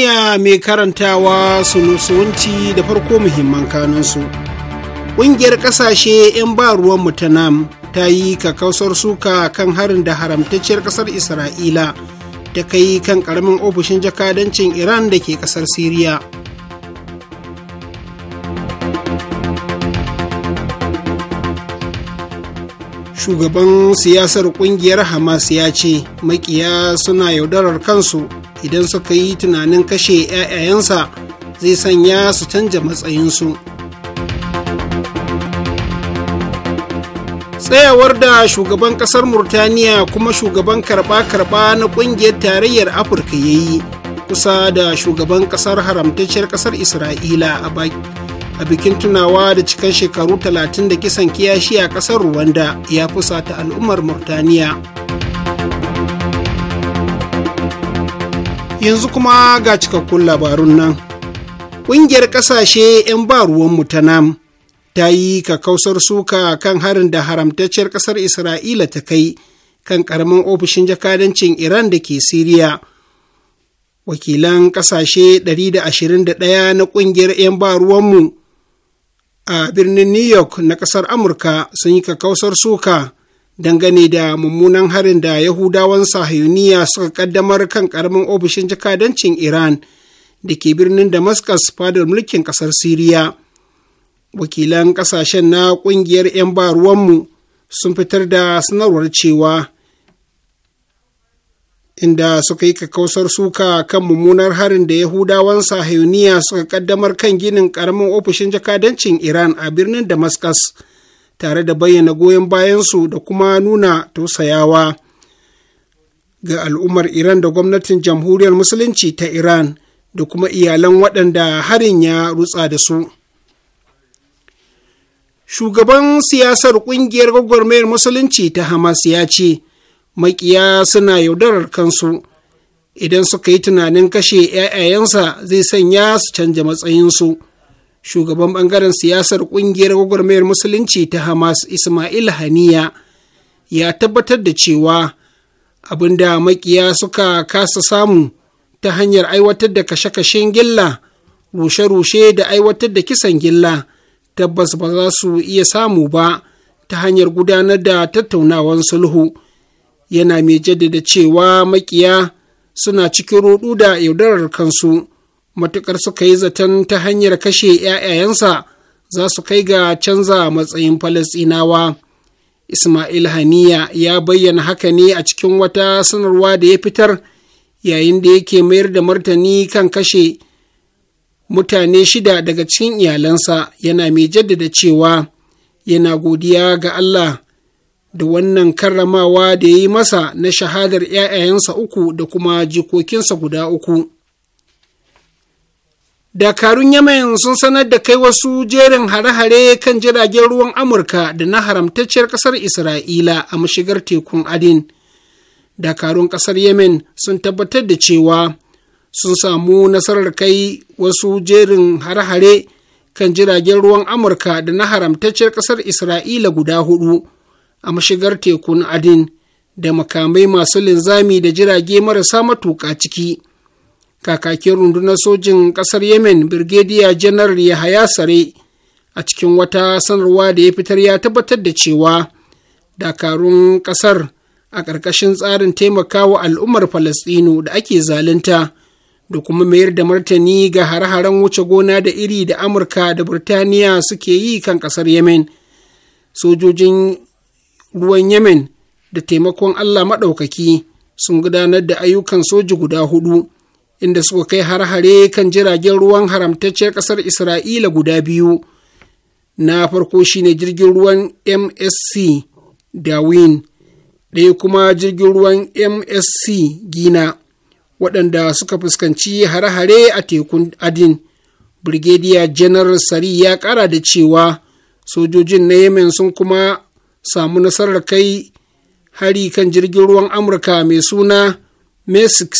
duniya mai karantawa su sunusuwanci da farko muhimman kanunsu. Ƙungiyar ƙasashe 'yan ba ruwan ta nam ta yi kakausar suka kan harin da haramtacciyar ƙasar Isra'ila ta kai kan ƙaramin ofishin jakadancin Iran da ke ƙasar Siriya. Shugaban siyasar ƙungiyar Hamas ya ce makiya suna yaudarar kansu idan suka yi tunanin kashe ya'ya'yansa zai sanya su canja matsayinsu tsayawar da shugaban kasar murtaniya kuma shugaban karba-karba na kungiyar tarayyar afirka ya yi kusa da shugaban kasar haramtacciyar kasar isra'ila a bikin tunawa da cikin shekaru talatin da kisan kiyashi a kasar rwanda ya fusata al'ummar murtaniya yanzu kuma ga cikakkun labarun nan ƙungiyar ƙasashe 'yan ba ruwanmu ta nam ta yi kakausar suka kan harin da haramtacciyar ƙasar isra'ila ta kai kan ƙaramin ofishin jakadancin iran da ke siriya wakilan ƙasashe 121 na ƙungiyar 'yan ba ruwanmu a birnin new york na ƙasar amurka sun yi kakausar suka dangane da mummunan harin da yahudawan sahiyuniya suka kaddamar kan karamin ofishin jakadancin iran da ke birnin damascus fadar mulkin kasar siriya wakilan kasashen na kungiyar 'yan baruwanmu sun fitar da sanarwar cewa inda suka yi kakausar suka kan mummunar harin da yahudawan sahiyuniya suka kaddamar kan ginin karamin ofishin jakadancin iran a birnin damascus tare da bayyana goyon bayansu da kuma nuna tausayawa ga al'ummar Iran da gwamnatin jamhuriyar musulunci ta Iran da kuma iyalan waɗanda harin ya rutsa da su. Shugaban siyasar ƙungiyar gwagwarmayar musulunci ta Hamas ya ce, maƙiya suna yaudarar kansu, idan suka yi tunanin kashe ‘ya'yayensa zai sanya su canja matsayinsu. shugaban ɓangaren siyasar ƙungiyar gwagwarmayar musulunci ta hamas ismail haniya ya tabbatar da cewa abin da makiya suka kasa samu ta hanyar aiwatar da kashe-kashen gilla rushe-rushe da aiwatar da kisan gilla tabbas ba za su iya samu ba ta hanyar gudanar da tattaunawan sulhu yana mai jaddada cewa makiya suna cikin rudu da yaudarar kansu matuƙar suka yi zaton ta hanyar kashe ‘ya'yayensa za su kai ga canza matsayin Falasɗinawa. Ismail Haniya ya bayyana haka ne a cikin wata sanarwa da ya fitar yayin da yake mayar da martani kan kashe mutane shida daga cikin iyalansa yana mai jaddada cewa yana godiya ga Allah da wannan karramawa da ya yi masa na shahadar ‘ya'yayensa uku da kuma jikokinsa guda uku. dakarun yemen sun sanar da kai wasu jerin hare-hare kan jiragen ruwan amurka da na haramtacciyar ƙasar isra'ila a mashigar tekun adin dakarun ƙasar yemen sun tabbatar da cewa sun samu nasarar kai wasu jerin hare-hare kan jiragen ruwan amurka da na haramtacciyar ƙasar isra'ila guda hudu a mashigar tekun adin da makamai masu linzami da jirage marasa matuƙa ciki kakakin rundunar sojin ƙasar yemen birgediya janar yahaya sare a cikin wata sanarwa da ya fitar ya tabbatar da cewa dakarun ƙasar a ƙarƙashin tsarin taimakawa al'ummar falasɗinu da ake zalunta da kuma mayar da martani ga hare-haren wuce gona da iri da amurka da burtaniya suke yi kan ƙasar yemen sojojin ruwan yemen da taimakon allah maɗaukaki sun gudanar da ayyukan soji guda hudu inda suka kai har-hare kan jiragen ruwan haramtacciyar ƙasar isra'ila guda biyu na farko shine jirgin ruwan msc darwin ɗaya kuma jirgin ruwan msc gina waɗanda suka fuskanci hare-hare a tekun adin brigadier general sari ya ƙara da cewa sojojin na yemen sun kuma samu nasarar kai hari kan jirgin ruwan amurka mai suna mesix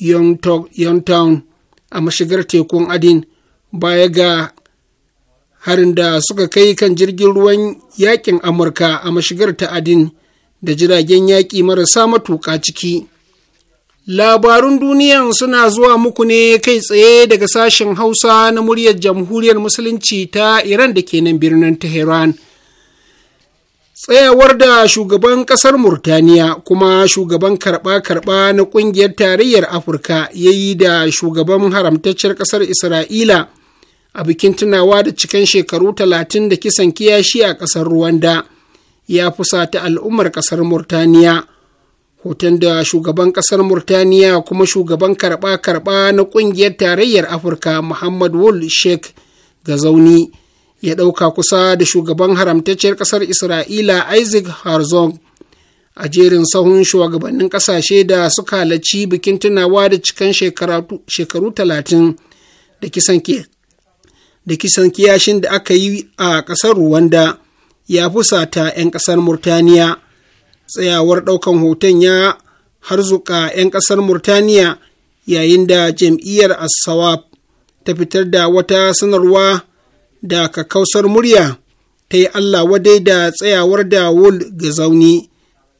Yontown a mashigar tekun Adin baya ga harin da suka kai kan jirgin ruwan yakin Amurka a mashigar ta Adin da jiragen yaƙi marasa matuƙa ciki. Labarun duniyan suna zuwa muku ne kai tsaye daga sashen Hausa na muryar Jamhuriyar Musulunci ta Iran da ke nan birnin Tehran. tsayawar da shugaban kasar murtaniya kuma shugaban karba-karba na kungiyar tarayyar afirka ya yi da shugaban haramtaccen kasar isra'ila a bikin tunawa da cikin shekaru talatin da kisan kiyashi a kasar ruwanda ya fusata al'ummar kasar murtaniya hoton da shugaban kasar murtaniya kuma shugaban karba-karba na kungiyar tarayyar afirka muhammad wul sheikh ga zauni ya ɗauka kusa da shugaban haramtacciyar ƙasar isra'ila isaac harzog a jerin sahun shugabannin ƙasashe da suka halarci bikin tunawa da cikan shekaru talatin da kisan da kisan kiyashin da aka yi a ƙasar Ruwanda ya fusata 'yan ƙasar Murtaniya. Tsayawar ɗaukan hoton ya harzuka 'yan ƙasar Murtaniya yayin da jam'iyyar Assawab ta fitar da wata sanarwa da kakkausar murya ta yi Allah wadai da tsayawar da wul ga zauni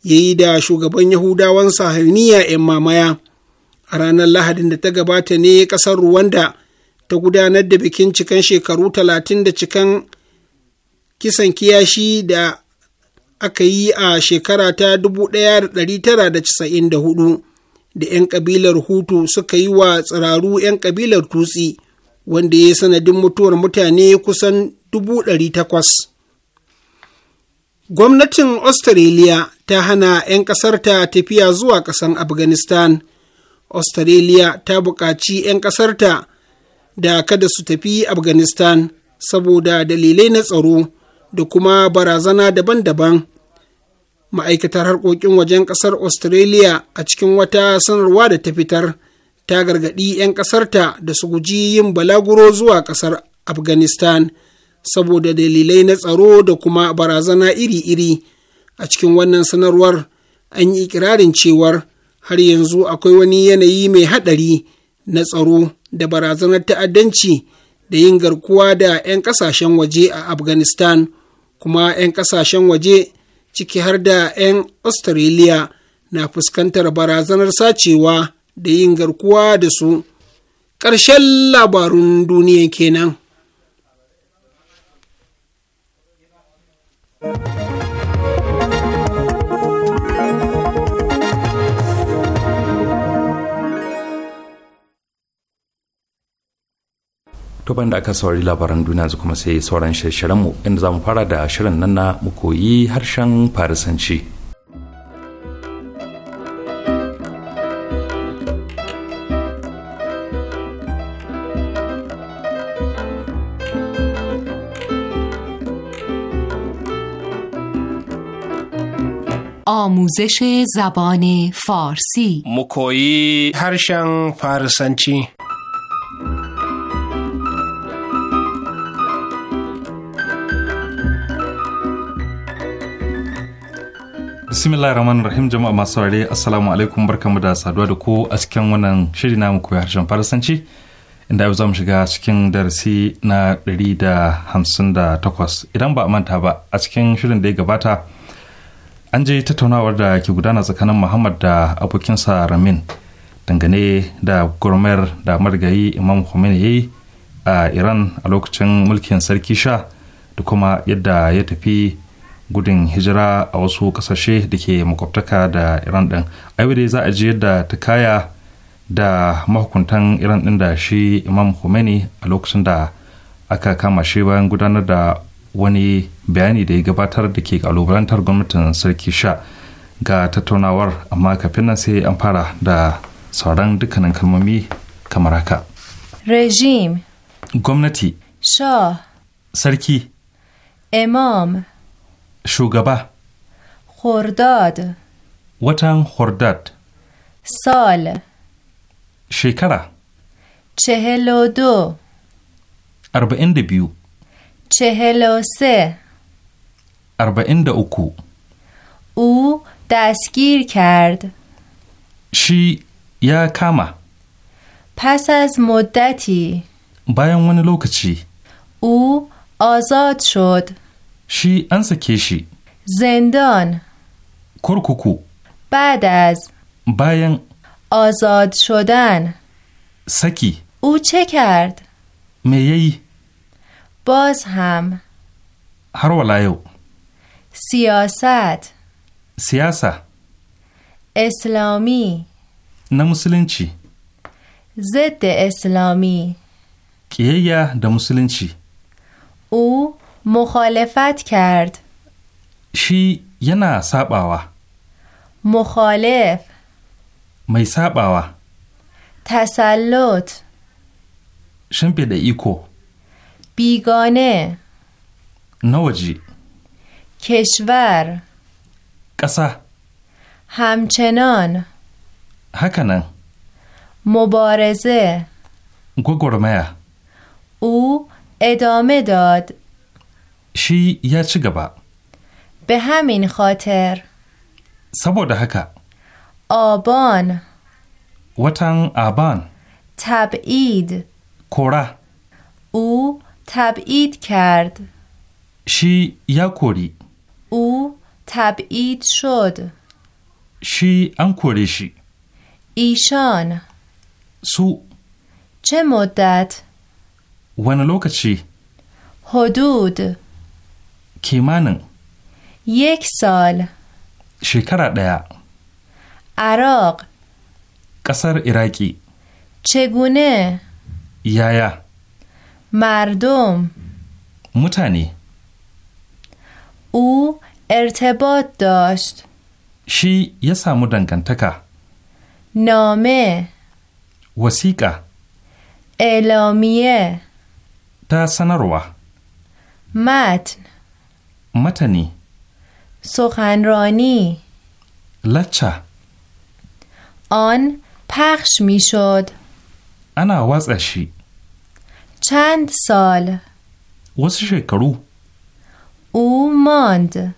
ya yi da shugaban Yahudawan sahaniya 'yan mamaya. A ranar Lahadin da ta gabata ne ƙasar Ruwanda ta gudanar da bikin cikan shekaru talatin da cikan kisan kiyashi da aka yi a shekara ta 1994 da 'yan ƙabilar Hutu suka yi wa tsiraru 'yan ƙabilar Tutsi. wanda ya yi sanadin mutuwar mutane kusan dubu ɗari takwas. Gwamnatin Australia ta hana ‘yan ƙasarta tafiya zuwa ƙasan Afghanistan. Australia ta buƙaci ‘yan ƙasarta da kada su tafi Afghanistan saboda dalilai na tsaro da kuma barazana daban-daban. Ma'aikatar harkokin wajen ƙasar Australia a cikin wata sanarwa da ta fitar. ta gargaɗi 'yan ƙasarta da su guji yin balaguro zuwa ƙasar afghanistan saboda dalilai na tsaro da kuma barazana iri-iri a cikin wannan sanarwar an yi ikirarin cewar har yanzu akwai wani yanayi mai haɗari na tsaro da barazanar ta'addanci da yin garkuwa da 'yan ƙasashen waje a afghanistan kuma 'yan ƙasashen waje ciki har da 'yan australia na fuskantar barazanar sacewa da yin garkuwa da su ƙarshen labarun duniya kenan. to da aka saurari labaran duniya su kuma sai sauran shirye-shiryenmu inda za mu fara da shirin nan na koyi harshen farisanci. آموزش زبان فارسی مکویی هرشن فارسنچی bismillah rahim jama'a masu saurare assalamu alaikum barkamu da saduwa da ku a cikin wannan shirin na koyi harshen farasanci inda yau za mu shiga cikin darasi na da da 158 idan ba a manta ba a cikin shirin da ya gabata an je tattaunawar da ke gudana tsakanin muhammad da abokinsa ramin dangane da gurmayar da marigayi imam khomeini ya yi a iran a lokacin mulkin sarki sha da kuma yadda ya tafi gudun hijira a wasu kasashe da ke makwabtaka da iran din dai za a je yadda ta kaya da mahukuntan iran din da shi imam khomeini a lokacin da aka kama shi bayan gudanar da wani bayani da ya gabatar da ke kalubalantar gwamnatin sarki sha ga tattaunawar amma kafin nan sai an fara da sauran dukkanin kalmomi kamar haka. Regime Gwamnati sha Sarki Imam Shugaba Hordad Watan Hordad Sal Shekara چهل و دو اربعین دبیو چهل و arba'in da uku. U dasgir kard. Shi ya kama. Fasas muddati. Bayan wani lokaci. U azad shod. Shi an sake shi. Zindan. Kurkuku. Badaz. Bayan. Azad shodan. Saki. U ce kard. Me yayi. Baz ham. Har wala yau. سیاست سیاست اسلامی نه مسلمچی ضد اسلامی کیه یا مسلمچی او مخالفت کرد شی ینا ساباوا مخالف می ساباوا تسلط شنبه ایکو بیگانه نوجی کشور قصه همچنان هکنن مبارزه گوگرمه او ادامه داد شی یا چی گبا به همین خاطر سبود هکا آبان وطن آبان تبعید کره او تبعید کرد شی یا کوری او تبعید شد شی ان شی ایشان سو چه مدت ون لوکچی حدود kimanin یک سال shekara ɗaya Arok! ƙasar Iraki Cegune Yaya Mardom Mutane U ارتباط داشت شی یه سامو دنگنتکا نامه وسیقه اعلامیه تا سنروه متن متنی سخنرانی لچه آن پخش میشد انا وزشی چند سال وزش کرو او ماند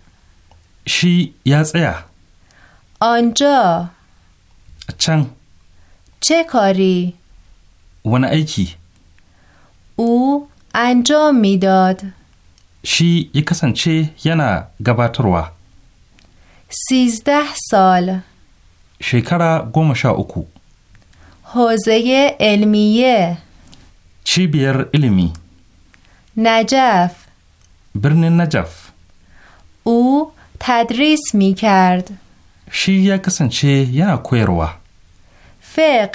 shi ya tsaya? Anja. Can. Cekari. Wani aiki? U, anjo midad. Shi ya kasance yana gabatarwa. Sizdah sal. Shekara goma sha uku. Hozeye elmiye. Cibiyar ilimi. Najaf. Birnin Najaf. U, تدریس می کرد شی یا کسنچه ینا کویروا فقه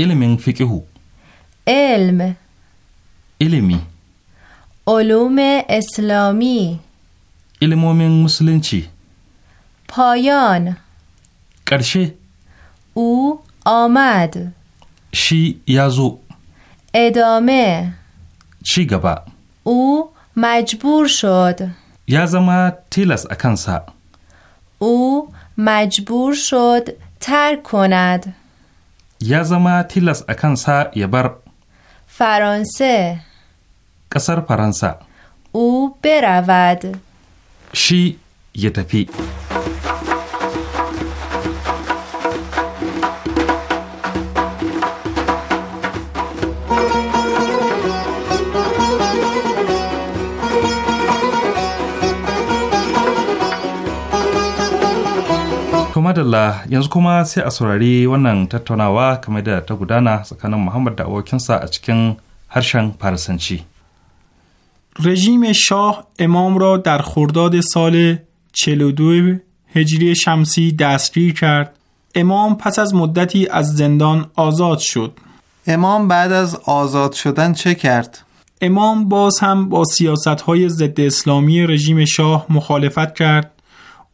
علم فقه علم علمی علوم اسلامی علم مسلم چی؟ پایان قرشه او آمد شی یازو ادامه چی گبا او مجبور شد یا زما تیلس اکنسا او مجبور شد ترک کند یا زما تیلس اکنسا یبر فرانسه قصر فرانسه او برود شی یتپی. madalla yanzu kuma sai a saurari wannan tattaunawa kamar da ta gudana tsakanin muhammad da abokinsa a cikin harshen farisanci رژیم شاه امام را در خرداد سال 42 هجری شمسی دستگیر کرد امام پس از مدتی از زندان آزاد شد امام بعد از آزاد شدن چه کرد؟ امام باز هم با سیاست های ضد اسلامی رژیم شاه مخالفت کرد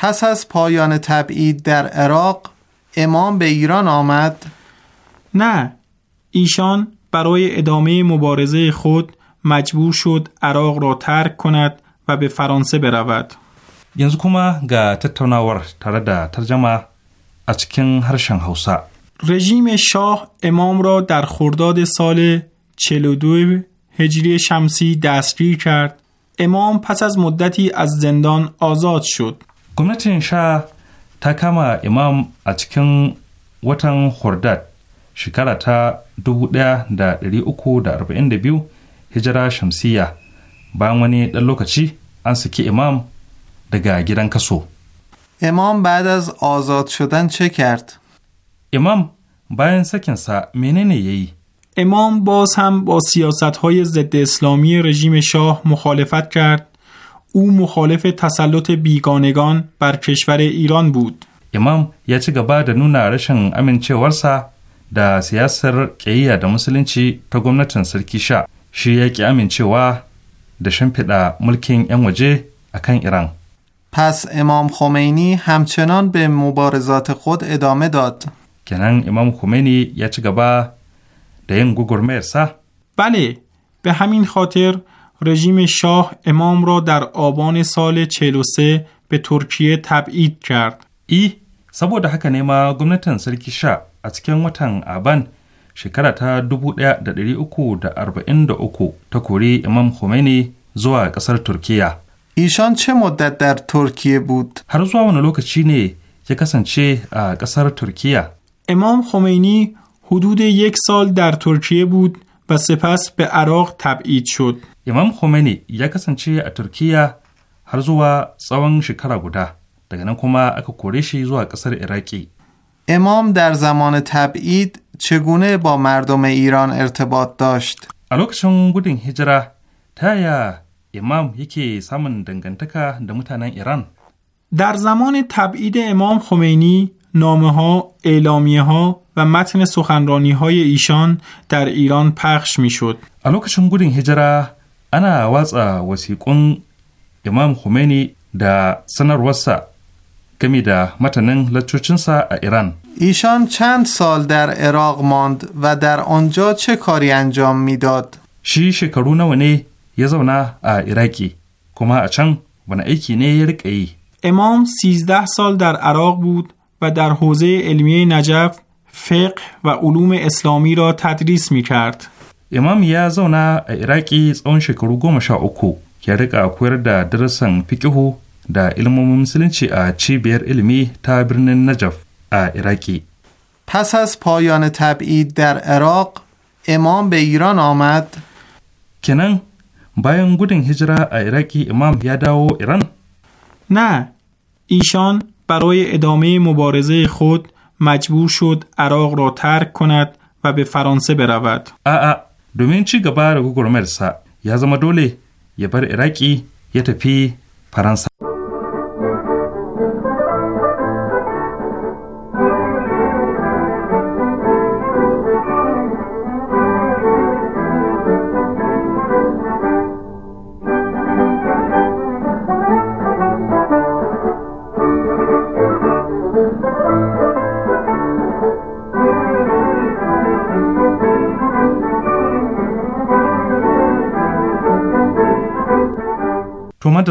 پس از پایان تبعید در عراق امام به ایران آمد؟ نه ایشان برای ادامه مبارزه خود مجبور شد عراق را ترک کند و به فرانسه برود ترجمه رژیم شاه امام را در خرداد سال 42 هجری شمسی دستگیر کرد. امام پس از مدتی از زندان آزاد شد. gwamnatin sha ta kama imam a cikin watan hordad shekara ta 1342 hijira shamsiya bayan wani ɗan lokaci an saki imam daga gidan kaso امام بعد از آزاد شدن چه imam bayan sakinsa menene ya yi امام باز هم با سیاست های ضد اسلامی رژیم شاه مخالفت کرد او مخالف تسلط بیگانگان بر کشور ایران بود امام یا چی گبا دا نونا رشن امن چه ورسا در سیاسر قیه دا چی تا گمنتن سرکیشا شی امن چه وا دا ملکین این وجه اکن ایران پس امام خمینی همچنان به مبارزات خود ادامه داد کنن امام خمینی یا چی گبا دا این گو گرمه ارسا بله به همین خاطر رژیم شاه امام را در آبان سال 43 به ترکیه تبعید کرد. ای سبود حکر نیما گمنتن سرکی شا از کن آبان شکره تا دو اکو دا اکو تا کوری امام خومینی زو قصر ترکیه. ایشان چه مدت در ترکیه بود؟ هر زوا و نلوک چی نی قصر ترکیه؟ امام خمینی حدود یک سال در ترکیه بود و سپس به عراق تبعید شد. امام خمینی ya kasance a Turkiyya har zuwa tsawon shekara guda, daga nan kuma aka kore امام در زمان تبعید چگونه با مردم ایران ارتباط داشت؟ الوکشون گودین هجره تایا امام یکی سامن دنگنتکا دمتان ایران در زمان تبعید امام خمینی نامه ها، اعلامیه ها و متن سخنرانی های ایشان در ایران پخش می شد. الوکشون گودین هجره ana watsa wasiƙun imam khomeini da sanarwarsa da matanin متنن a ایران ایشان چند سال در عراق ماند و در آنجا چه کاری انجام میداد؟ شی شکرونه و نه یزونه ایراکی کما اچن و نه ایکی نه ای امام 13 سال در عراق بود و در حوزه علمیه نجف فقه و علوم اسلامی را تدریس می کرد. imam ya zauna a iraki tsawon shekaru goma sha uku ya rika koyar da darasan fikihu da ilmomin musulunci a cibiyar ilimi ta birnin najaf a پس از پایان تبعید در عراق امام به ایران آمد کنن بایان گودن هجره ایراکی امام یاداو ایران نه ایشان برای ادامه مبارزه خود مجبور شد عراق را ترک کند و به فرانسه برود domin ci gaba da gwagwarmayarsa ya zama dole ya bar iraki ya tafi faransa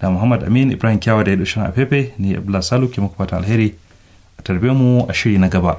da muhammad amin ibrahim kyawa da ya dushin a fefe ni abdullahi salu ke muku fata alheri a tarbe mu a shiri na gaba.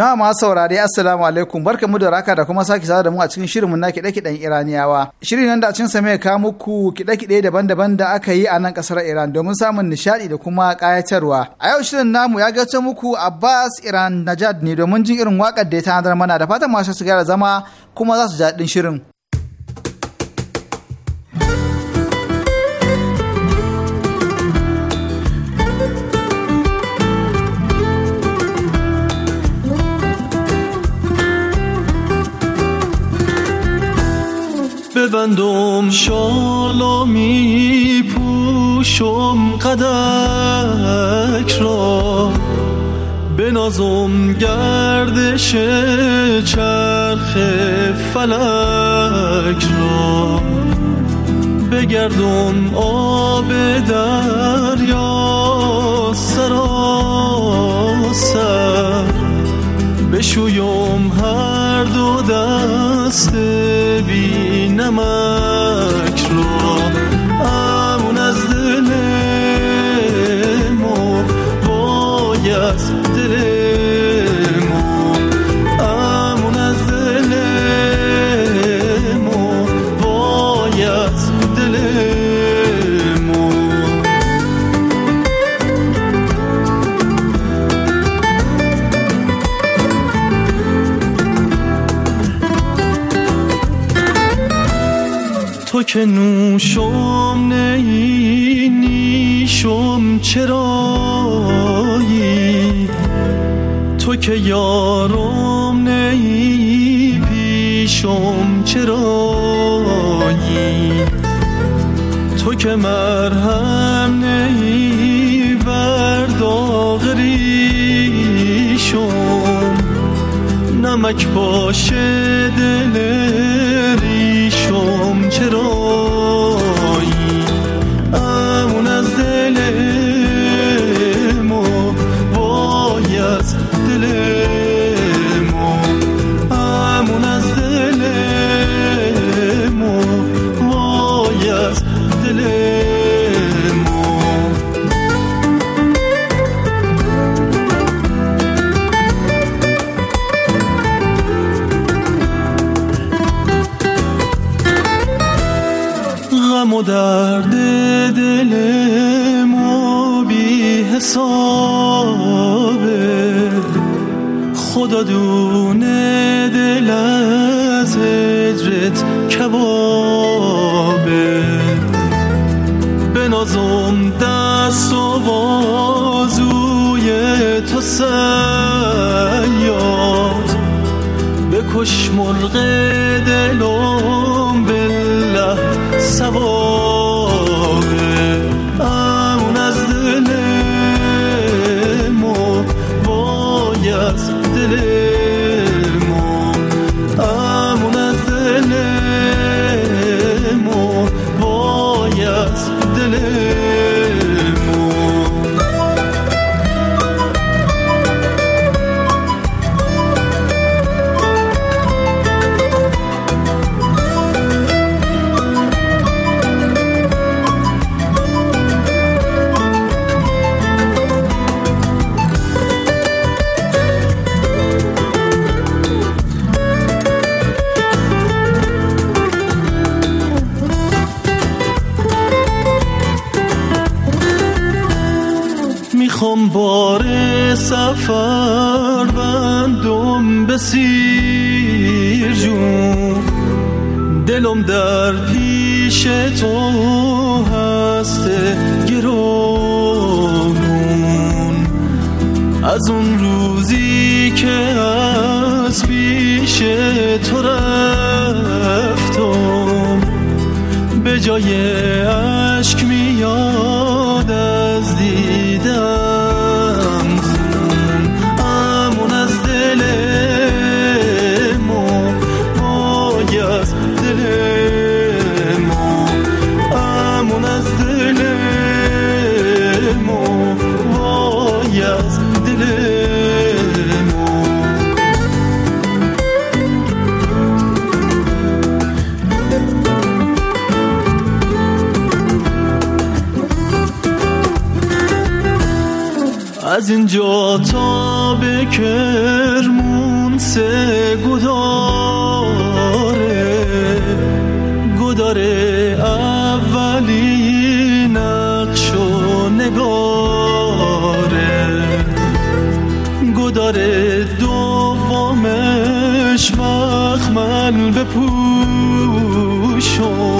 jama'a masu saurare assalamu alaikum barka mu da raka da kuma sake sada da mu a cikin shirinmu na kiɗe-kiɗen iraniyawa shirin nan da a cikin sa mai ka muku kiɗe-kiɗe daban-daban da aka yi a nan ƙasar iran domin samun nishaɗi da kuma ƙayatarwa a yau shirin namu ya gaci muku abbas iran najad ne domin jin irin wakar da ya tanadar mana da fatan masu su gyara zama kuma za su ji daɗin shirin ببندم شالا می پوشم قدک را بنازم گردش چرخ فلک را بگردم آب دریا سراسر بشویم هر دو دسته 么。که نوشم نی نیشم چرایی تو که یارم نی پیشم چرایی تو که مرهم نیی بر ریشم نمک باشه دل ریشم چرا خوش مرغه جا تا به کرمون سه گداره گداره اولی نقش و نگاره گداره دومش مخمل به پوشون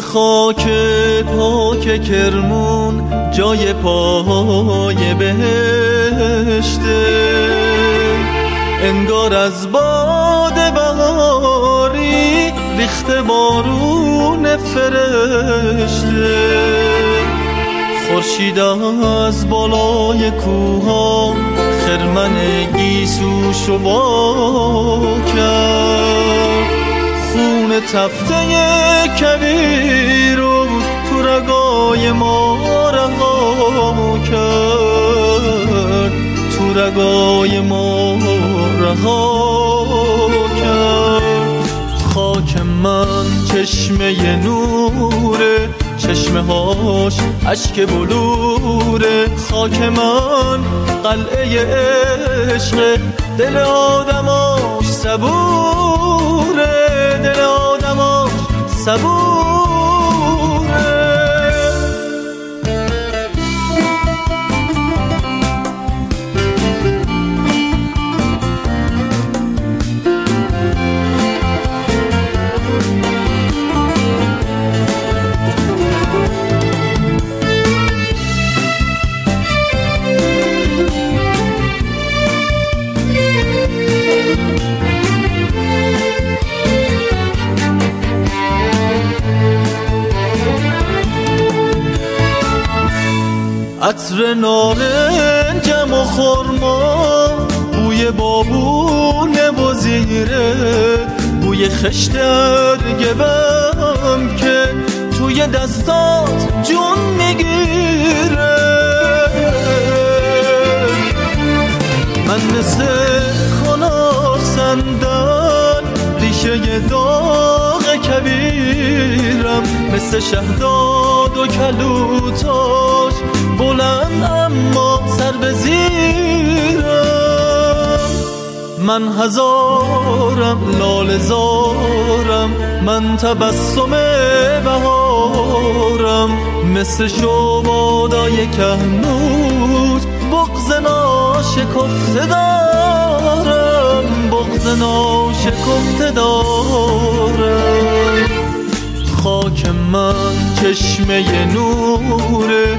خاک پاک کرمون جای پاهای بهشته انگار از باد بهاری ریخته بارون فرشته خورشید از بالای کوها خرمن گیسو شبا کرد خون تفته کبیر و تو رگای ما رهامو کرد تو رگای ما رها کرد خاک من چشمه نوره چشمه هاش عشق بلوره خاک من قلعه عشق دل آدماش صبوره 散步。عطر نارنجم و خورما بوی بابونه و زیره بوی خشت بم که توی دستات جون میگیره من مثل کنار سندن ریشه داغ کبیرم مثل شهداد و کلوتاش بلند اما سر به زیرم من هزارم لال زارم من تبسم بهارم مثل شبادای کهنوت بغز ناشکفته دارم بغز ناشکفته دارم خاک من چشمه نوره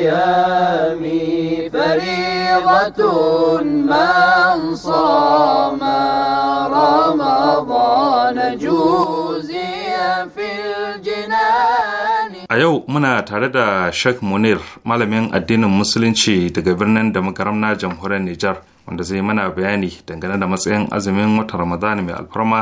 من صام رمضان جوزيا في الجنان A yau muna tare da Sheikh Munir, malamin addinin Musulunci daga birnin da makaram na jamhuriyar Nijar, wanda zai mana bayani dangane da matsayin azumin watan Ramadan mai alfarma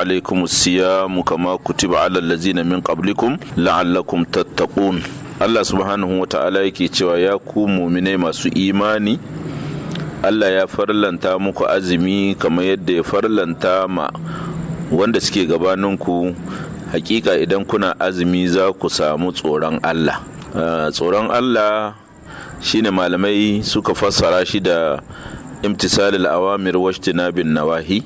عليكم الصيام كما كتب على min من قبلكم لعلكم تتقون Allah subhanahu wa ta'ala yake cewa ya ku muminai masu imani Allah ya farlanta muku azumi kamar yadda ya farlanta ma wanda suke gabaninku hakika idan kuna azumi za ku samu tsoron Allah ah, tsoron Allah shine malamai suka fassara shi da imtisalil awamir washtina bin nawahi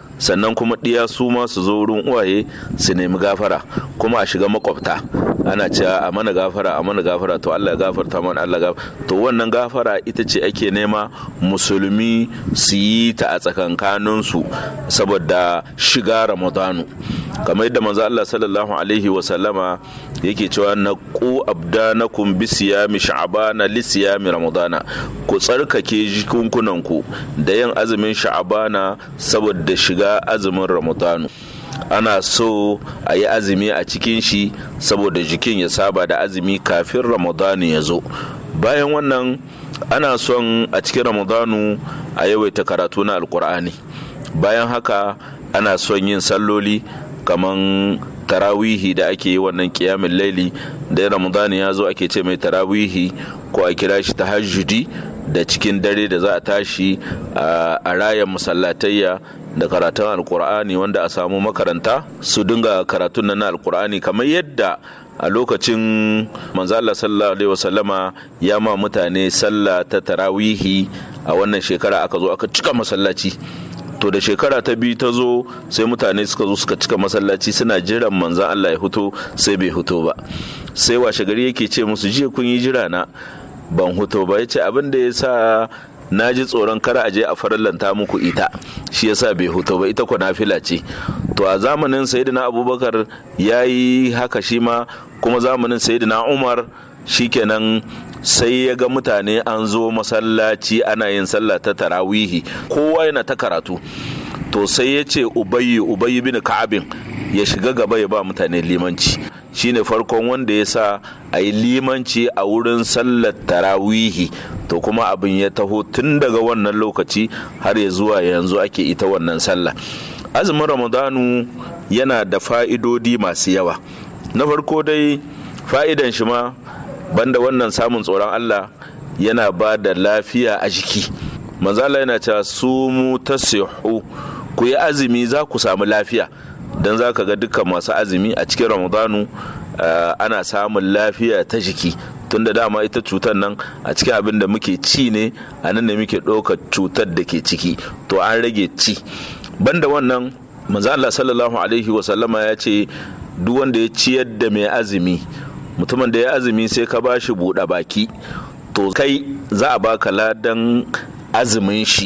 sannan kuma ɗiya su ma su zo wurin uwaye su nemi gafara kuma a shiga makwabta ana cewa a mana gafara a mana gafara to Allah ya gafarta mana Allah gafara to wannan gafara ita ce ake nema musulmi su yi ta a tsakankanin su saboda shiga Ramadanu kamar yadda manzo Allah sallallahu alaihi wa sallama yake cewa na ku kun bi siyami sha'abana li siyami ramadana ku tsarkake jikunkunanku da yin azumin sha'abana saboda shiga azumin ramadanu ana so a yi azumi a cikin shi saboda jikin ya saba da azumi kafin ramadanu ya zo bayan wannan ana son a cikin ramadanu a yawaita karatu na alkur'ani bayan haka ana son yin salloli kamar tarawihi da ake yi wannan kiyamin laili da ramadani ya zo ake ce mai tarawihi ko a kira shi ta tahajjudi da cikin dare da za a tashi a rayan masallatayya da karatun alkur'ani wanda a samu makaranta su dinga karatun na alkur'ani kamar yadda a lokacin manzala sallallahu alaihi wasallama ya ma mutane sallah ta tarawihi a wannan shekara aka zo aka cika masallaci to da shekara ta biyu ta zo sai mutane suka zo suka cika masallaci suna jiran manzan Allah ya huto sai bai huto ba sai washe gari yake ce musu jiya kun yi jira na ban huto ba yace abin da ya sa na ji tsoron kar a je a farallanta muku ita shi yasa bai hoto ba ita kwanafila ce to a zamanin sayyidina abubakar ya yi haka shi ma kuma zamanin sayyidina umar shikenan sai ya ga mutane an zo masallaci ana yin sallah ta tarawihi kowa yana ta karatu to sai ya ce ubayi ubayi bin ka'abin ya shiga gaba ya ba mutane limanci shine farkon wanda ya sa a yi limanci a wurin sallar tarawihi to kuma abin ya taho tun daga wannan lokaci har ya zuwa yanzu ake ita wannan sallah azumin ramadanu yana da fa'idodi masu yawa na farko dai fa'idan shi ma banda wannan samun tsoron Allah yana ba da lafiya a jiki manzala yana cewa su mu tasihu ku yi azumi za ku samu lafiya don za ka ga dukkan masu azumi a cikin ramadanu eh, ana samun lafiya ta jiki tun da dama ita cutar nan a cikin abin da muke ci ne a nan da muke ɗaukar cutar da ke ciki to an rage ci banda wannan manzo Allah sallallahu alaihi wasallama ya ce duk wanda ya ciyar da mai azumi mutumin da ya azumi sai ka ba shi buɗe baki to kai za a baka ladan azumin shi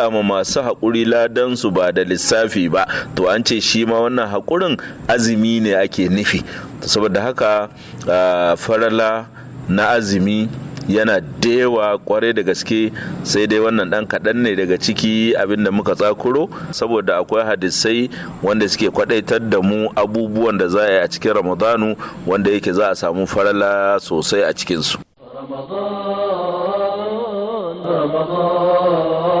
ma masu haƙuri ladansu ba da lissafi ba to an ce shi ma wannan haƙurin azumi ne ake nufi saboda haka farala na azumi yana dewa kwarai da gaske sai dai wannan dan kaɗan ne daga ciki abin da muka tsakuro saboda akwai hadisai wanda suke kwadaitar da mu abubuwan da za a yi a cikin ramadanu wanda yake za a samu farala sosai a cikinsu. Ramadan, Ramadan.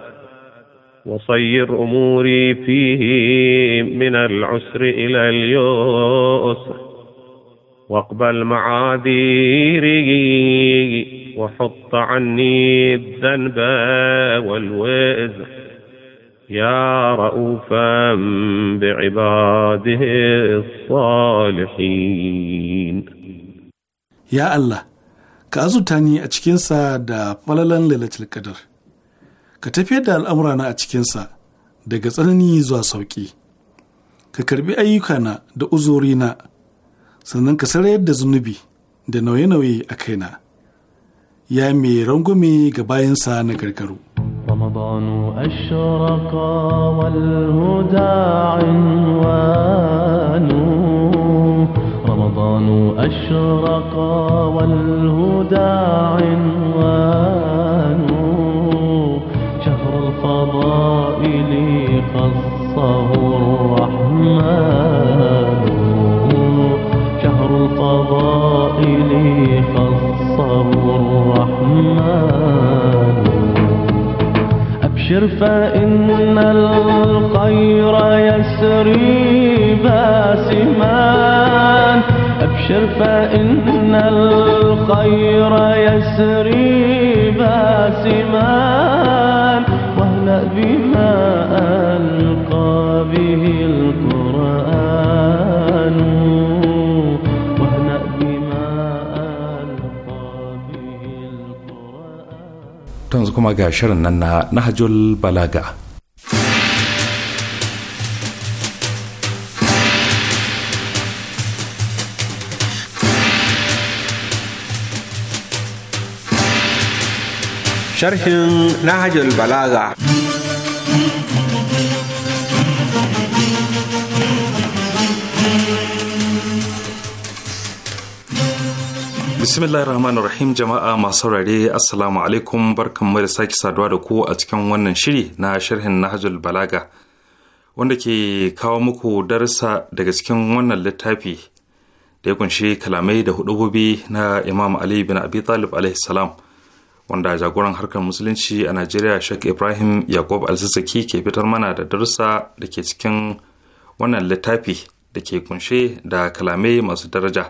وصير أموري فيه من العسر إلى اليسر واقبل معاذيري وحط عني الذنب والوزر يا رؤوفا بعباده الصالحين يا الله كأزو تاني أتشكين a cikinsa ليلة القدر ka tafiyar da al'amurana a cikinsa daga tsanani zuwa sauƙi ka karbi ayyukana da uzurina sannan ka sarayar da zunubi da nauye-nauye a kaina ya mai rangume ga bayansa na gargaro. رمضان أشرق والهدى عنوان رمضان أشرق زمانه شهر الفضائل خص الرحمن أبشر فإن الخير يسري باسمان أبشر فإن الخير يسري باسمان واهلأ بما به القرآن واهنأ بما ألقى به القرآن تنزكم أجاشر شرنا نهج البلاغة شرح نهج balaga bismillahir rahmanir rahim jama'a masu saurare assalamu alaikum barkanmu da sake saduwa da ku a cikin wannan shiri na sharhin nahjul balaga wanda ke kawo muku darsa daga cikin wannan littafi da ya kunshi kalamai da hudubobi na imam ali bin abi talib alaihi salam wanda jagoran harkar musulunci a najeriya sheikh ibrahim yakub alzizaki ke fitar mana da darsa da ke cikin wannan littafi da ke kunshe da kalamai masu daraja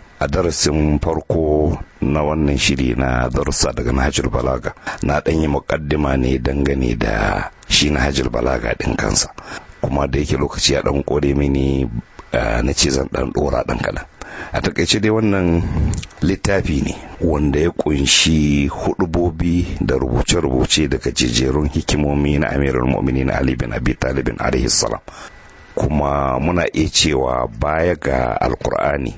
a darasin farko na wannan shiri na darussa daga Nahajul Balaga na ɗan yi muƙaddima ne dangane da shi Nahajul Balaga ɗin kansa kuma da yake lokaci a ɗan kore mini eh, na ce zan ɗan ɗora ɗan kaɗan a takaice dai wannan littafi ne wanda ya kunshi hudubobi da rubuce-rubuce daga jijerun hikimomi na amirar mu'minin ali bin abi talibin alaihi salam kuma muna iya cewa baya ga alkur'ani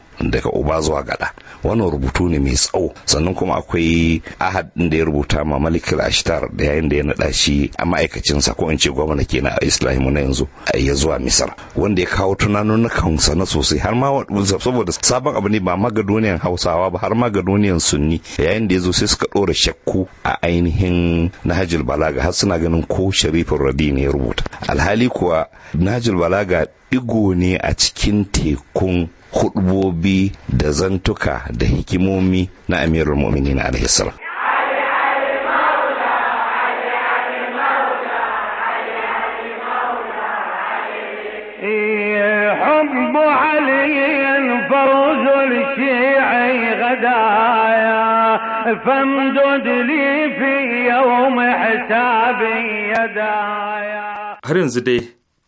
daga uba zuwa gada wannan rubutu ne mai tsawo sannan kuma akwai ahad din da ya rubuta ma malik ashtar da yayin da ya naɗa shi a ma'aikacinsa ko in ce gwamna na a islamu na yanzu a iya zuwa misar wanda ya kawo tunanunukan sa na sosai har ma saboda sabon abu ne ba magadoniyan hausawa ba har magadoniyan sunni yayin da ya zo sai suka ɗora shakku a ainihin nahajul balaga har suna ganin ko sharifin radi ne ya rubuta alhali kuwa nahajul balaga igo ne a cikin tekun hudubobi da zantuka da hikimomi na amirul mu'minin alaihi salam حب علي فروز الشيعي غدايا فامدد لي في يوم حسابي يدايا har yanzu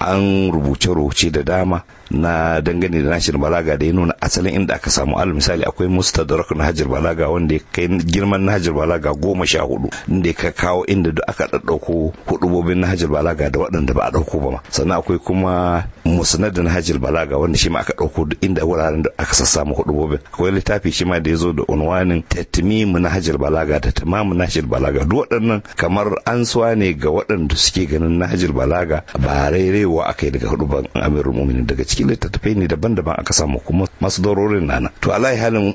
an rubuce rubuce da dama na dangane da nashin balaga da ya nuna asalin inda aka samu al misali akwai da na hajjar balaga wanda ya kai girman na hajjar balaga goma sha hudu inda ka kawo inda duk aka ɗaɗɗauko hudubobin na hajjar balaga da waɗanda ba a ɗauko ba sannan akwai kuma musnadin hajjil balaga wanda shi ma aka ɗauko duk inda wuraren da aka sassa hudu hudubobin akwai littafi shi ma da ya zo da unwanin tatmimu na hajjil balaga da tamamu na hajjil balaga duk waɗannan kamar an suwa ne ga waɗanda suke ganin na hajjil balaga ba rairewa aka yi daga ban amirul muminin daga cikin littattafai ne daban-daban aka samu kuma masu dororin nana to alai halin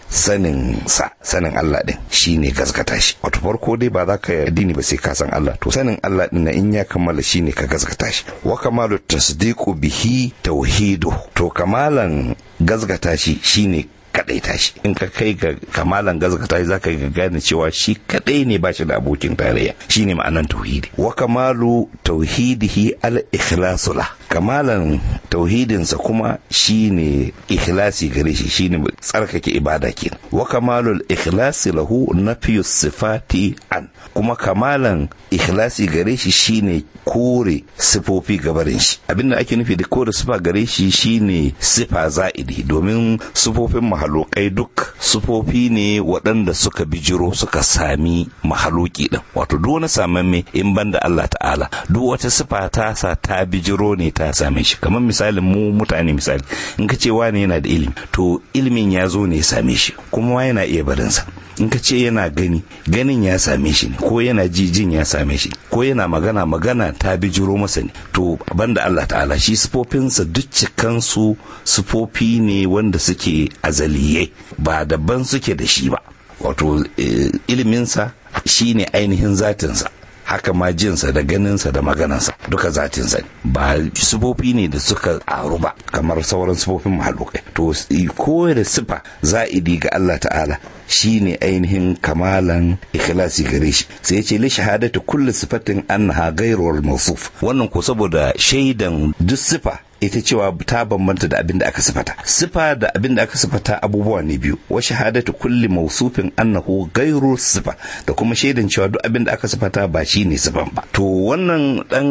sanin sa sanin Allah din shine gaskata shi wato farko dai ba za ka yi addini ba sai ka san Allah to sanin Allah din na in ya kammala shine ka gaskata shi wa kamalu tasdiqu bihi tauhidu to kamalan gaskata shi shine kadai tashi in ka kai ga kamalan gazgata za ka ga gane cewa shi kadai ne ba shi da abokin tarayya shine ma'anan tauhidi wa kamalu tauhidihi al ikhlasu kamalan tauhidinsa kuma shine ikhlasi gare shi shine tsarkake ibada ke wa kamalul ikhlasi lahu na sifati an kuma kamalan ikhlasi gare shi shine kore sifofi gabarin shi abinda ake nufi da kore sifa gare shi shi ne sifa za'idi domin sifofin mahalokai duk sifofi ne waɗanda suka bijiro suka sami mahaloki din wato duk wani samamme in banda Allah ta'ala duk wata sifa ta sa ta bijiro ne ta same shi kamar misalin mu mutane misali in ka ce wani yana da ilimi to ilimin ya zo ne ya same shi kuma wa yana iya barinsa in ka ce yana gani ganin ya same shi ne ko yana jijin ya same shi ko yana magana magana ta bijiro masa ne to banda Allah ta'ala shi sufofinsa duk cikan su sufofi ne wanda suke azaliye ba daban suke da shi ba wato eh, iliminsa shine ainihin zatinsa haka ma jinsa da ganinsa da maganansa duka zatin ne ba sifofi ne da suka aru ba kamar sauran sifofin mahalukai to za sifa za'idi ga Allah ta'ala shine ainihin kamalan ikhlasi gare shi sai ya ce li shahadatu kulli sifatin annaha ghairu mawsuf wannan ko saboda shaidan duk sifa ita cewa ta bambanta da abin da aka sifata sifa da abin da aka sifata abubuwa ne biyu wa shahadatu kulli mawsufin annahu ghayru sifa da kuma shaidan cewa duk abin da aka sifata ba shi ne sifan ba to wannan dan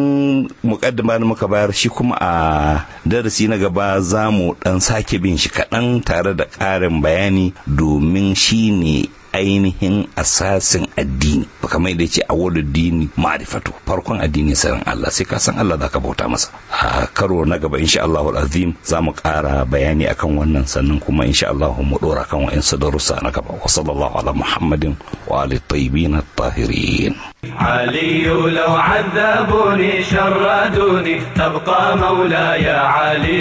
mukaddama da muka bayar shi kuma a darasi na gaba zamu mu dan sake bin shi kaɗan tare da ƙarin bayani domin shi ne ainihin asasin addini kamar da ce a wadda dini ma'arifato farkon addini sanin Allah sai ka san Allah zaka bauta masa a karo na gaba insha Allah azim za mu kara bayani akan wannan sannan kuma insha Allah mu dora kan wa'in su darussa na gaba wa sallallahu ala muhammadin wa ali tayyibin at-tahirin علي لو عذبوني شردوني تبقى مولاي علي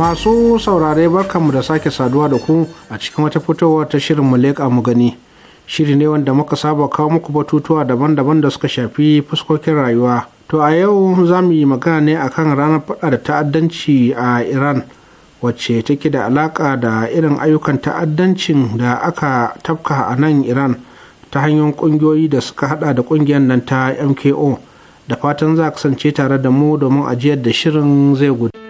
Masu saurare barkanmu da sake saduwa da ku a cikin wata fitowar ta shirin Muleka mu gani. Shiri ne wanda muka saba kawo muku batutuwa daban-daban da suka shafi fuskokin rayuwa. To a yau za mu yi magana ne akan ranar fada da ta'addanci a Iran wacce take da alaka da irin ayyukan ta'addancin da aka tafka a nan Iran ta hanyoyin ƙungiyoyi da suka hada da kungiyar nan ta MKO. Da fatan za kasance tare da mu domin ajiyar da shirin zai gudu.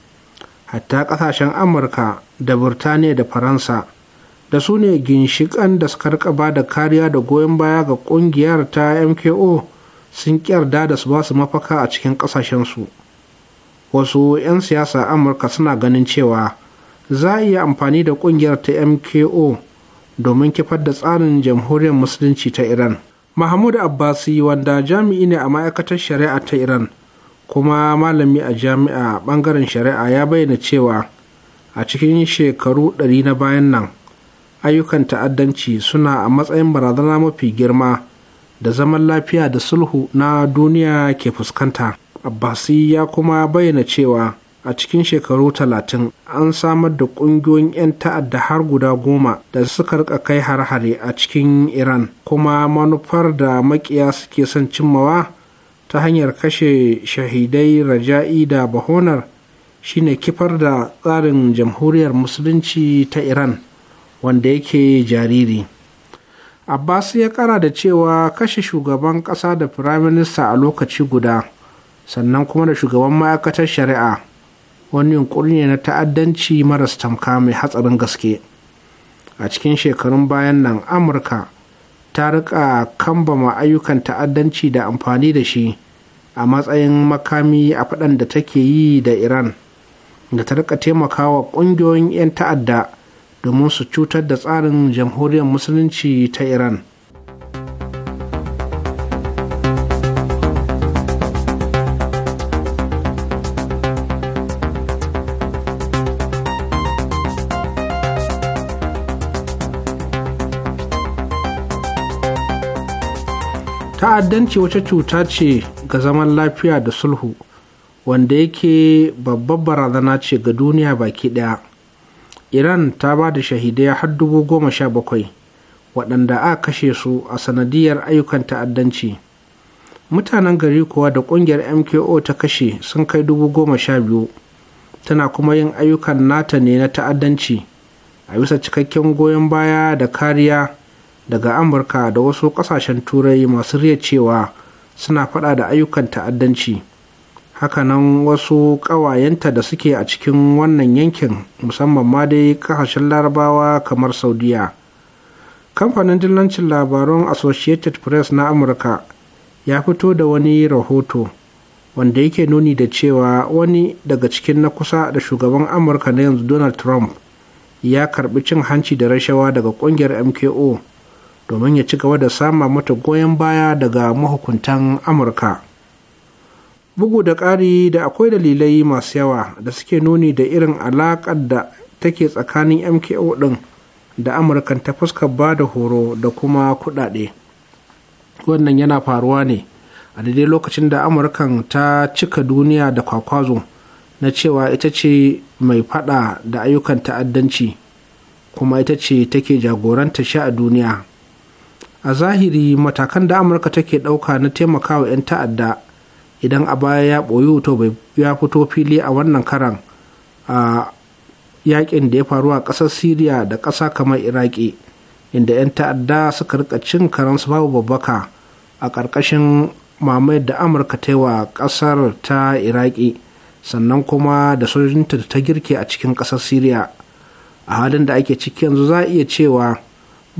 hatta kasashen amurka da burtaniya da faransa da su ne ginshikan da suka ba da kariya da goyon baya ga kungiyar ta mko sun kyarda da su basu mafaka a cikin kasashensu wasu 'yan siyasa amurka suna ganin cewa za a iya amfani da kungiyar ta mko domin kifar da tsarin jamhuriyar musulunci ta iran mahmud abbasi wanda jami'i ne a ma'aikatar shari'a ta iran kuma malami a jami'a bangaren shari'a ya bayyana cewa a cikin shekaru ɗari na bayan nan ayyukan ta'addanci suna a matsayin barazana mafi girma da zaman lafiya da sulhu na duniya ke fuskanta abbasi ya kuma bayyana cewa a cikin shekaru talatin an samar da ƙungiyoyin 'yan ta'adda har guda goma da suka rika kai har-hare a cikin iran kuma manufar da makiya suke son cimmawa ta hanyar kashe shahidai raja'i da bahonar shine kifar da tsarin jamhuriyar musulunci ta iran wanda yake jariri abbas ya kara da cewa kashe shugaban kasa da firaminista a lokaci guda sannan kuma da shugaban ma'aikatar shari'a wani yunkuri ne na ta'addanci maras tamka mai hatsarin gaske a cikin shekarun bayan nan amurka ta rika kambama ayyukan ta'addanci da amfani da shi a matsayin makami a faɗan da take yi da iran da ta rika taimakawa ƙungiyoyin 'yan ta'adda domin su cutar da tsarin jamhuriyar musulunci ta iran ta'addanci wata cuta ce ga zaman lafiya da sulhu wanda yake babbar barazana ce ga duniya baki daya iran ta ba da shahidai har dubu goma sha bakwai waɗanda a kashe su a sanadiyar ayyukan ta'addanci mutanen gari kuwa da ƙungiyar mko ta kashe sun kai dubu goma sha biyu tana kuma yin ayyukan nata ne na ta'addanci a bisa cikakken goyon baya da kariya daga amurka da wasu kasashen turai masu riya cewa suna fada da ayyukan ta'addanci hakanan wasu ƙawayenta da suke a cikin wannan yankin musamman ma dai kasashen larabawa kamar saudiya kamfanin dillancin labarun associated press na amurka ya fito da wani rahoto wanda yake nuni da cewa wani daga cikin na kusa da shugaban amurka na yanzu donald trump ya karbi cin hanci da rashawa daga kungiyar mko domin ya ci gaba da sama mata goyon baya daga mahukuntan amurka bugu da ƙari da akwai dalilai masu yawa da suke nuni da irin alaƙar da take tsakanin mko ɗin da amurkan ta fuskar ba da horo da kuma kuɗaɗe wannan yana faruwa ne a daidai lokacin da amurkan ta cika duniya da kwakwazo na cewa ita ce mai faɗa da ayyukan ta'addanci kuma ita ce take jagoranta shi a duniya a zahiri matakan da amurka take ɗauka na taimakawa 'yan ta'adda idan a baya ya ɓoyi to bai ya fito fili a wannan karan a yakin da ya faru a ƙasar syria da ƙasa kamar iraki inda 'yan ta'adda suka rika cin karan su babu babbaka a ƙarƙashin mamayar da amurka ta wa ƙasar ta iraki sannan kuma da sojojinta ta girke a cikin ƙasar syria a halin da ake ciki yanzu za a iya cewa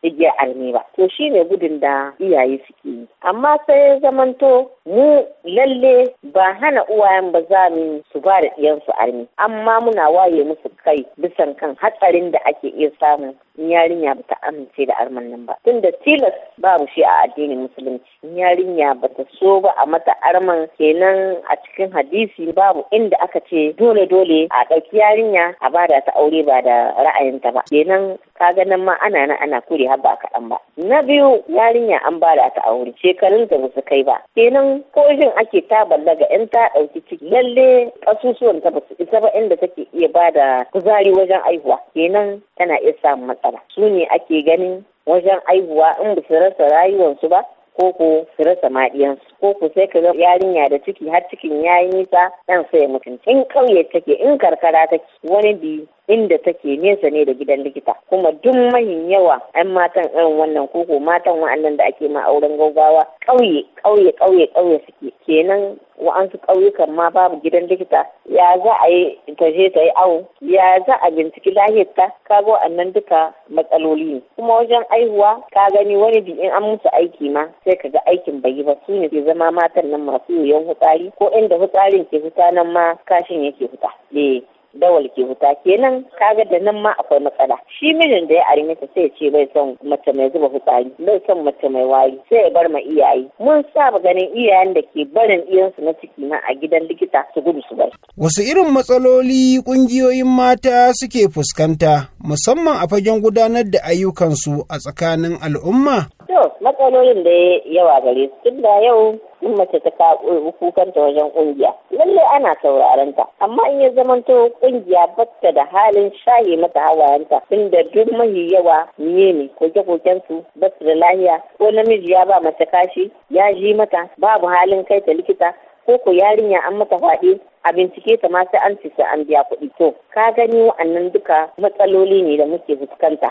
tsigiyar armi ba to shine gudun da iyaye suke yi amma sai zamanto mu lalle ba hana uwayen ba za mu su ba da ɗiyansu armi amma muna waye musu kai bisan kan hatsarin da ake iya samu yarinya ba ta amince da arman nan ba tun da tilas babu shi a addinin musulunci yarinya ba ta so ba a mata arman kenan a cikin hadisi babu inda aka ce dole dole a ɗauki yarinya a bada ta aure ba da ra'ayinta ba kenan ka ganin ma ana nan ana kure har ba kaɗan ba na biyu yarinya an ba da ta aure shekarun da basu kai ba kenan ko ake ta ballaga in ta ɗauki ciki lalle ƙasusuwan ta basu isa ba inda take iya ba da kuzari wajen aihuwa kenan tana iya samun matsala su ne ake ganin wajen aihuwa in ba su rasa rayuwansu ba ko su rasa maɗiyansu ko ko sai ka ga yarinya da ciki har cikin yayi nisa ɗan sai mutum in ƙauye take in karkara take wani bi inda take nesa ne da gidan likita kuma duk mahin yawa 'yan matan irin wannan koko matan wa'annan da ake ma auren gaugawa ƙauye ƙauye ƙauye ƙauye suke kenan wa'ansu ƙauyukan ma babu gidan likita ya za a yi ta ta yi awo ya za a binciki lahiyar ta kaga wa'annan duka matsaloli ne kuma wajen aihuwa ka gani wani bi in an musu aiki ma sai ka ga aikin bai yi ba su ne zama matan nan masu yoyon hutsari ko inda hutsarin ke fita nan ma kashin yake fita E! dawal ke huta kenan kaga da nan ma akwai matsala shi mijin da ya arme ta sai ce bai son mace mai zuba fitsari bai son mace mai wari sai ya bar ma iyaye mun sa saba ganin iyayen da ke barin iyansu na ciki na a gidan likita su gudu su bai wasu irin matsaloli kungiyoyin mata suke fuskanta musamman a fagen gudanar da ayyukansu a tsakanin al'umma To, matsalolin da yawa gare su tun da yau in mace ta kukanta wajen kungiya. Lalle ana sauraron ta, amma in ya zamanto kungiya bata da halin shaye mata hawayenta inda duk mahi yawa niye ne koke-koken su basu da lahiya ko namiji ya ba mace kashi ya ji mata babu halin kai ta likita ko ko yarinya an mata faɗi a bincike ta ma sai an ci an biya kuɗi to ka gani wa'annan duka matsaloli ne da muke fuskanta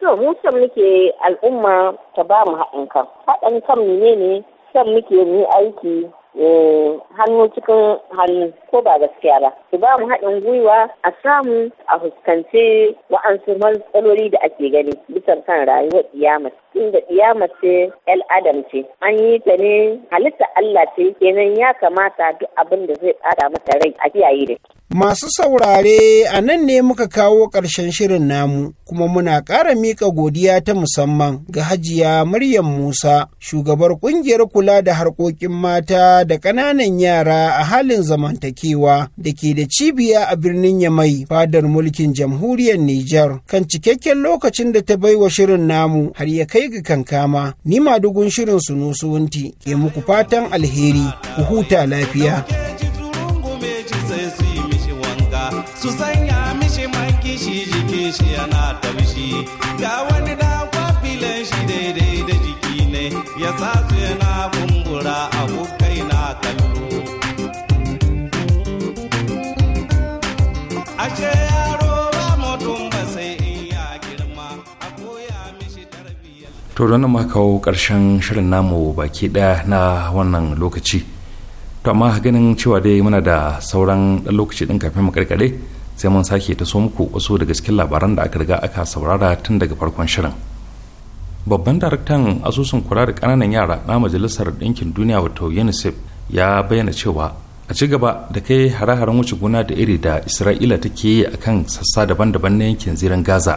To mu san muke al'umma ta ba mu haɗin kan. Haɗin kan ne ne san muke mu aiki eh, hannu cikin hannu. ko ba gaskiya ba su ba mu haɗin gwiwa a samu a fuskanci wa'ansu matsaloli da ake gani bisa kan rayuwar kiyama inda kiyama ce el adam ce an yi ta ne halitta Allah ce kenan ya kamata duk abin da zai ƙara mata rai a kiyaye da Masu saurare a nan ne muka kawo ƙarshen shirin namu kuma muna ƙara miƙa godiya ta musamman ga hajiya Maryam Musa shugabar ƙungiyar kula da harkokin mata da ƙananan yara a halin zamantake kewa da ke da cibiya a birnin Yamai fadar mulkin jamhuriyar Nijar kan cikakken lokacin da ta baiwa shirin namu har ya kai ga kankama ni madugun shirin sunusuwunti ke muku fatan alheri ku huta lafiya. to don ma kawo karshen shirin namu baki daya na wannan lokaci to amma ganin cewa dai muna da sauran ɗan lokaci din kafin mu karkare sai mun sake ta so muku wasu daga cikin labaran da aka riga aka saurara tun daga farkon shirin babban daraktan asusun kula da kananan yara na majalisar ɗinkin duniya wato unicef ya bayyana cewa a ci gaba da kai hare-haren wuce gona da iri da isra'ila take yi akan sassa daban-daban na yankin zirin gaza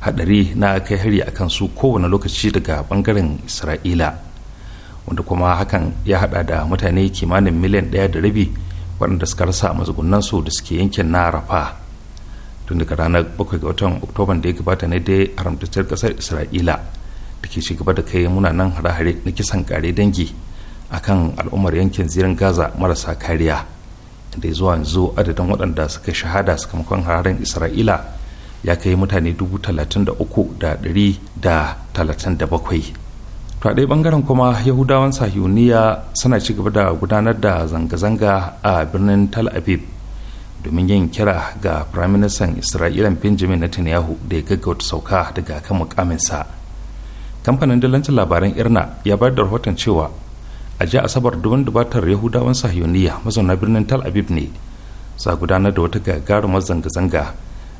hadari na kai hari a kansu kowane lokaci daga bangaren isra'ila wanda kuma hakan ya hada da mutane kimanin miliyan ɗaya da rabi waɗanda suka rasa mazugunan su da suke yankin na rafa tun daga ranar 7 ga watan oktoban da ya gabata na dai haramtacciyar ƙasar isra'ila da ke shigaba da kai munanan hare-hare na kisan kare dangi akan al'ummar yankin zirin gaza marasa kariya da zuwa yanzu adadin waɗanda suka shahada sakamakon hararen isra'ila ya kai mutane dubu talatin da uku da ɗari da talatin da bakwai to a ɗaya ɓangaren kuma yahudawan sahiyuniya suna ci gaba da gudanar da zanga-zanga a birnin tal aviv domin yin kira ga firaministan Israila benjamin netanyahu da ya gaggauta sauka daga kan mukaminsa kamfanin dalancin labaran irna ya bayar da rahoton cewa a jiya asabar domin dubatar yahudawan sahiyuniya mazauna birnin tal aviv ne za gudanar da wata gagarumar zanga-zanga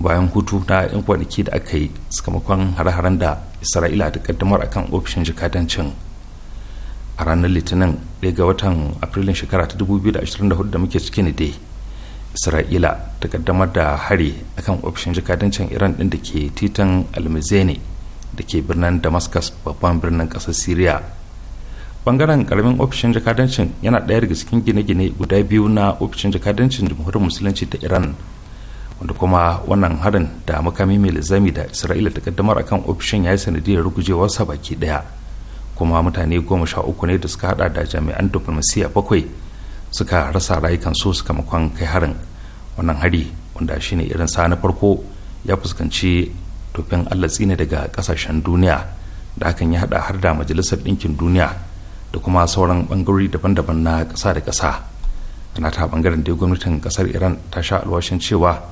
bayan hutu na 'yan kwanaki da aka yi sakamakon hare-haren da isra'ila ta kaddamar akan ofishin jikadancin a ranar litinin daya ga watan afrilun shekara ta 2024 da muke ciki ne dai isra'ila ta kaddamar da hari akan ofishin jikadancin iran din da ke titan almazene da ke birnin damascus babban birnin kasar syria bangaren karamin ofishin jakadancin yana ɗaya daga cikin gine-gine guda biyu na ofishin jikadancin jamhuriyar musulunci ta iran wanda kuma wannan harin da makami mai lizami da isra'ila ta kaddamar akan ofishin ya yi sanadiyar rugujewarsa baki daya kuma mutane goma sha uku ne da suka hada da jami'an diplomasiya bakwai suka rasa rayukansu makon kai harin wannan hari wanda shine irin sa na farko ya fuskanci tofin allah tsini daga kasashen duniya da hakan ya hada har da majalisar ɗinkin duniya da kuma sauran bangarori daban-daban na ƙasa da ƙasa ana ta bangaren dai gwamnatin ƙasar iran ta sha alwashin cewa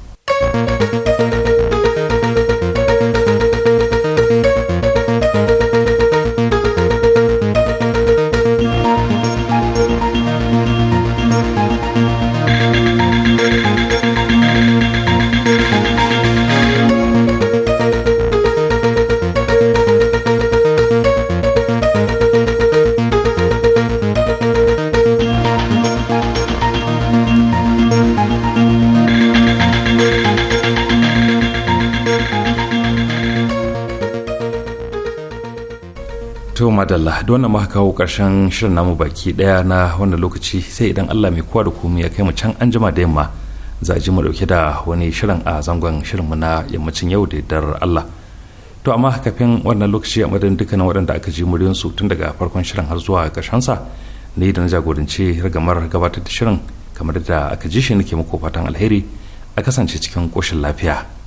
Música da wannan muka kawo karshen shirin namu baki daya na wannan lokaci sai idan allah mai kowa da komai ya kai mu can an jima da yamma za ji mu dauke da wani shirin a zangon shirin mu na yammacin yau da dar allah to amma kafin wannan lokaci a madadin dukkanin waɗanda aka ji muryansu tun daga farkon shirin har zuwa sa ne da na jagoranci ragamar gabatar da shirin kamar da aka ji shi nake muku fatan alheri a kasance cikin koshin lafiya